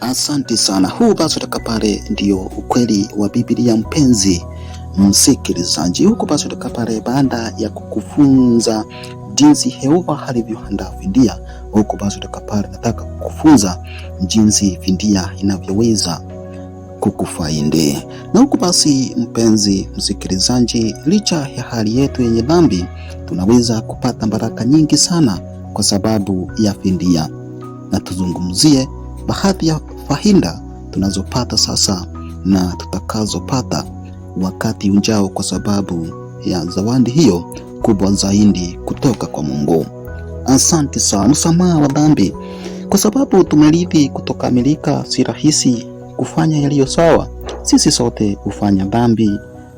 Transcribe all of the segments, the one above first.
Asante sana. Huu basi utaka pale ndio ukweli wa Biblia, mpenzi msikilizaji. Huku basi utaka pale, baada ya kukufunza jinsi Yehova alivyoandaa fidia, huku basi utaka pale, nataka kukufunza jinsi fidia inavyoweza kukufaidi. Na huku basi, mpenzi msikilizaji, licha ya hali yetu yenye dhambi, tunaweza kupata baraka nyingi sana kwa sababu ya fidia, na tuzungumzie baadhi ya fahinda tunazopata sasa na tutakazopata wakati ujao kwa sababu ya zawadi hiyo kubwa zaidi kutoka kwa Mungu. Asante sana. Msamaha wa dhambi, kwa sababu tumerithi kutokamilika, si rahisi kufanya yaliyo sawa. Sisi sote hufanya dhambi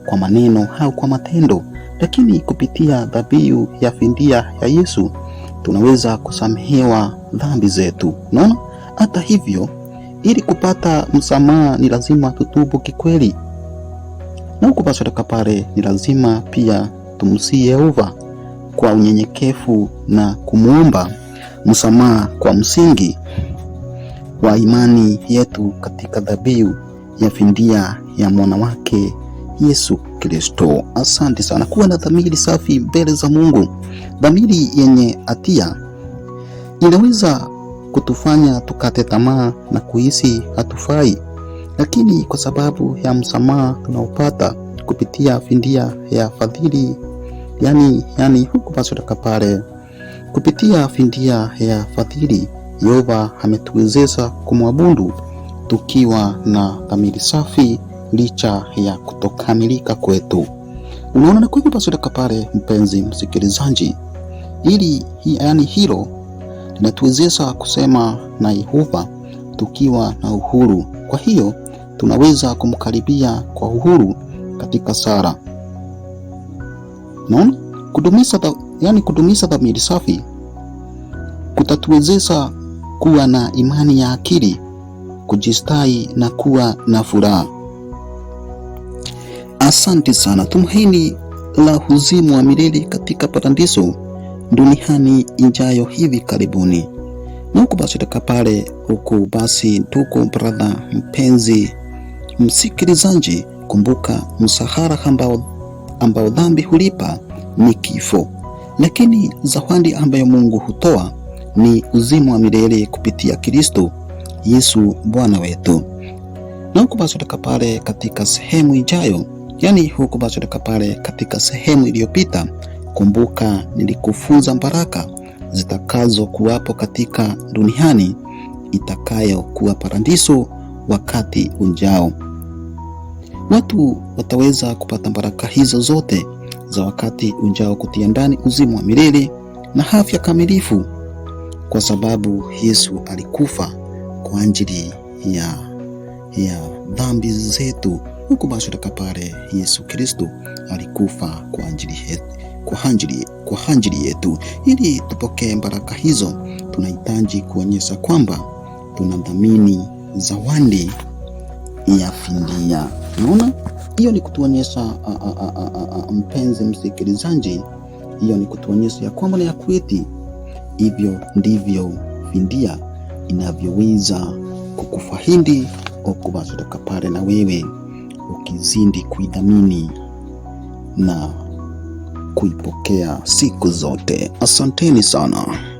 kwa maneno au kwa matendo, lakini kupitia dhabihu ya fidia ya Yesu tunaweza kusamehewa dhambi zetu. Unaona? Hata hivyo, ili kupata msamaha ni lazima tutubu kikweli, na huku basi toka pale ni lazima pia tumsii Yehova kwa unyenyekevu na kumwomba msamaha kwa msingi wa imani yetu katika dhabihu ya fidia ya mwana wake Yesu Kristo. Asante sana kuwa na dhamiri safi mbele za Mungu. Dhamiri yenye hatia inaweza kutufanya tukate tamaa na kuhisi hatufai, lakini kwa sababu ya msamaha tunaopata kupitia fidia ya fadhili, yani, yani huku pasotaka pale, kupitia fidia ya fadhili Yehova ametuwezesha kumwabudu tukiwa na dhamiri safi licha ya kutokamilika kwetu. Unaona, na kwa hivyo pale, mpenzi msikilizaji, ili yani hilo Inatuwezesha kusema na Yehova tukiwa na uhuru. Kwa hiyo tunaweza kumkaribia kwa uhuru katika sala. Naona kudumisha, yani kudumisha dhamiri safi kutatuwezesha kuwa na imani ya akili, kujistai na kuwa na furaha. Asante sana. Tumaini la uzima wa milele katika paradiso duniani ijayo hivi karibuni. Na huku basi toka pale huku basi, tuko bradha mpenzi msikilizaji, kumbuka msahara ambao, ambao dhambi hulipa ni kifo, lakini zawadi ambayo Mungu hutoa ni uzima wa milele kupitia Kristo Yesu Bwana wetu. Na huku basi toka pale katika sehemu ijayo, yani huku basi toka pale katika sehemu iliyopita Kumbuka nilikufunza baraka zitakazokuwapo katika duniani itakayokuwa paradiso wakati ujao. Watu wataweza kupata baraka hizo zote za wakati ujao kutia ndani uzima wa milele na afya kamilifu, kwa sababu Yesu alikufa kwa ajili ya, ya dhambi zetu. Huku basi pale Yesu Kristo alikufa kwa ajili yetu kwa hanjiri yetu. Ili tupokee baraka hizo, tunahitaji kuonyesha kwamba tunadhamini zawadi ya fidia. Unaona, hiyo ni kutuonyesha mpenzi msikilizaji, hiyo ni kutuonyesha ya kwamba na ya kweti. Hivyo ndivyo fidia inavyoweza kukufaidi okubazotoka pale, na wewe ukizindi kuidhamini na kuipokea siku zote. Asanteni sana.